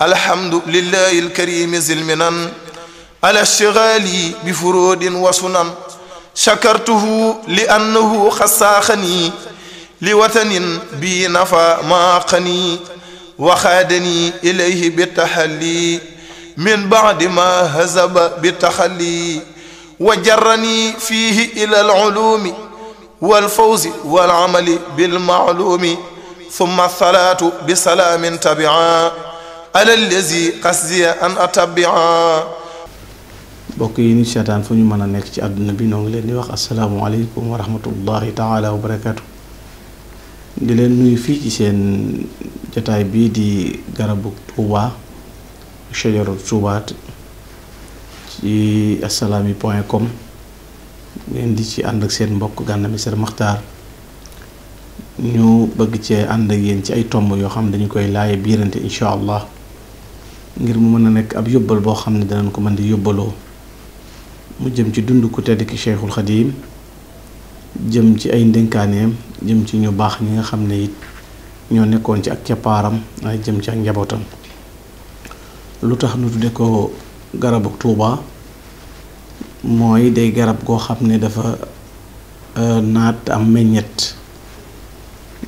alhamdu lillahi alkarimi zilminan ala shigali bi furodin wa sunan shakartuhu li annahu xasaaxani li watanin bi nafa maaqani waxaadani ilayhi bi taxalli min baadi ma hazaba bi taxalli wa jarrani fiihi ila alulumi walfawzi walamali bilmaalumi summa salaatu bi salaamin tabia ala allazi qasdiya atabia mbokk yi ñu seetaan fu ñu mën a nekk ci àdduna bi noo ngi leen di wax asalaamualeykum wa rahmatullahi taala wa barakaatu di leen nuyu fii ci seen jataay bii di garabu tuuba shajaru tuubaat ci assalaami point com leen di ci ànd ak seen mbokk Gana Messere Maxtaar ñu bëgg cee ànd ak yéen ci ay tomb yoo xam dañu koy laaye biirante incha allah ngir mu mën na nekk ab yóbbal boo xam ne danañ ko mën di yóbbaloo mu jëm ci dund ku tedd ki Cheikhul Xadim jëm ci ay ndénkaaneem jëm ci ñu baax ñi nga xam ne it ñoo nekkoon ci ak cappaaram ay jëm ci ak njabootam lu tax nu tudde ko garabu tuuba mooy day garab goo xam ne dafa euh, naat am meññet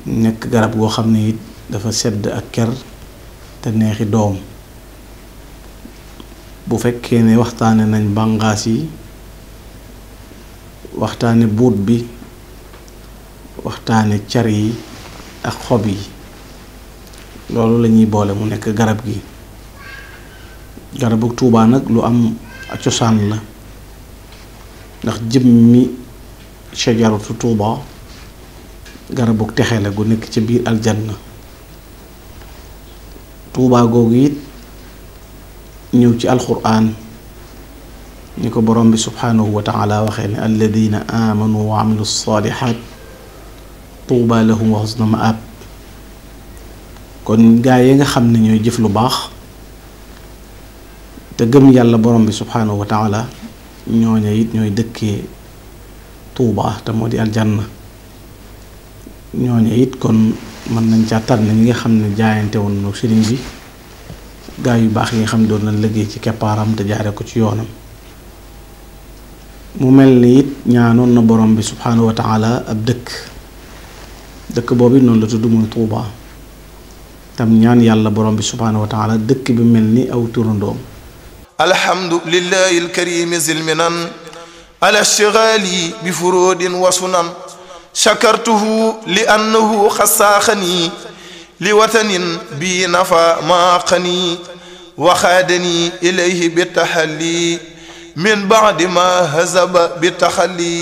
nekk garab goo xam ne it dafa sedd ak ker te neexi doom bu fekkee ne waxtaane nañ bànqaas yi waxtaane buut bi waxtaane car yi ak xob yi loolu lañuy boole mu nekk garab gi garabu tuubaa nag lu am cosaan la ndax jëmmi shajaratu tuubaa garabu texe la gu nekk ci biir aljanna tuubaa googu it ñëw ci alquran ñu ko borom bi subhaanahu wa taala waxee ne alladina amanu wa amilu salihat tuuba lahum wa husna maab kon gaa yi nga xam ne ñooy jëf lu baax te gëm yàlla borom bi subhaanahu wa taala ñooña it ñooy dëkkee tuuba te moo di aljanna ñooña it kon mën nañ caa tànn ñi nga xam ne jaayante woon nag sëriñ bi gaa yu baax yi nga xam doon nañ liggéey ci keppaaram te jaare ko ci yoonam mu mel ni it ñaanoon na borom bi subhaanahu wa taala ab dëkk dëkk boobu noonu la tudd muy Tuuba tam ñaan yàlla borom bi subhaanahu wa dëkk bi mel ni aw turandoom alhamdu lillahi alkarimi zilminan ala shigali bi furodin wa sunan shakartuhu li annahu xasaaxani li watanin bi nafa maaqani waxaadani ilayhi bi taxalli min baadi ma hazaba bi taxalli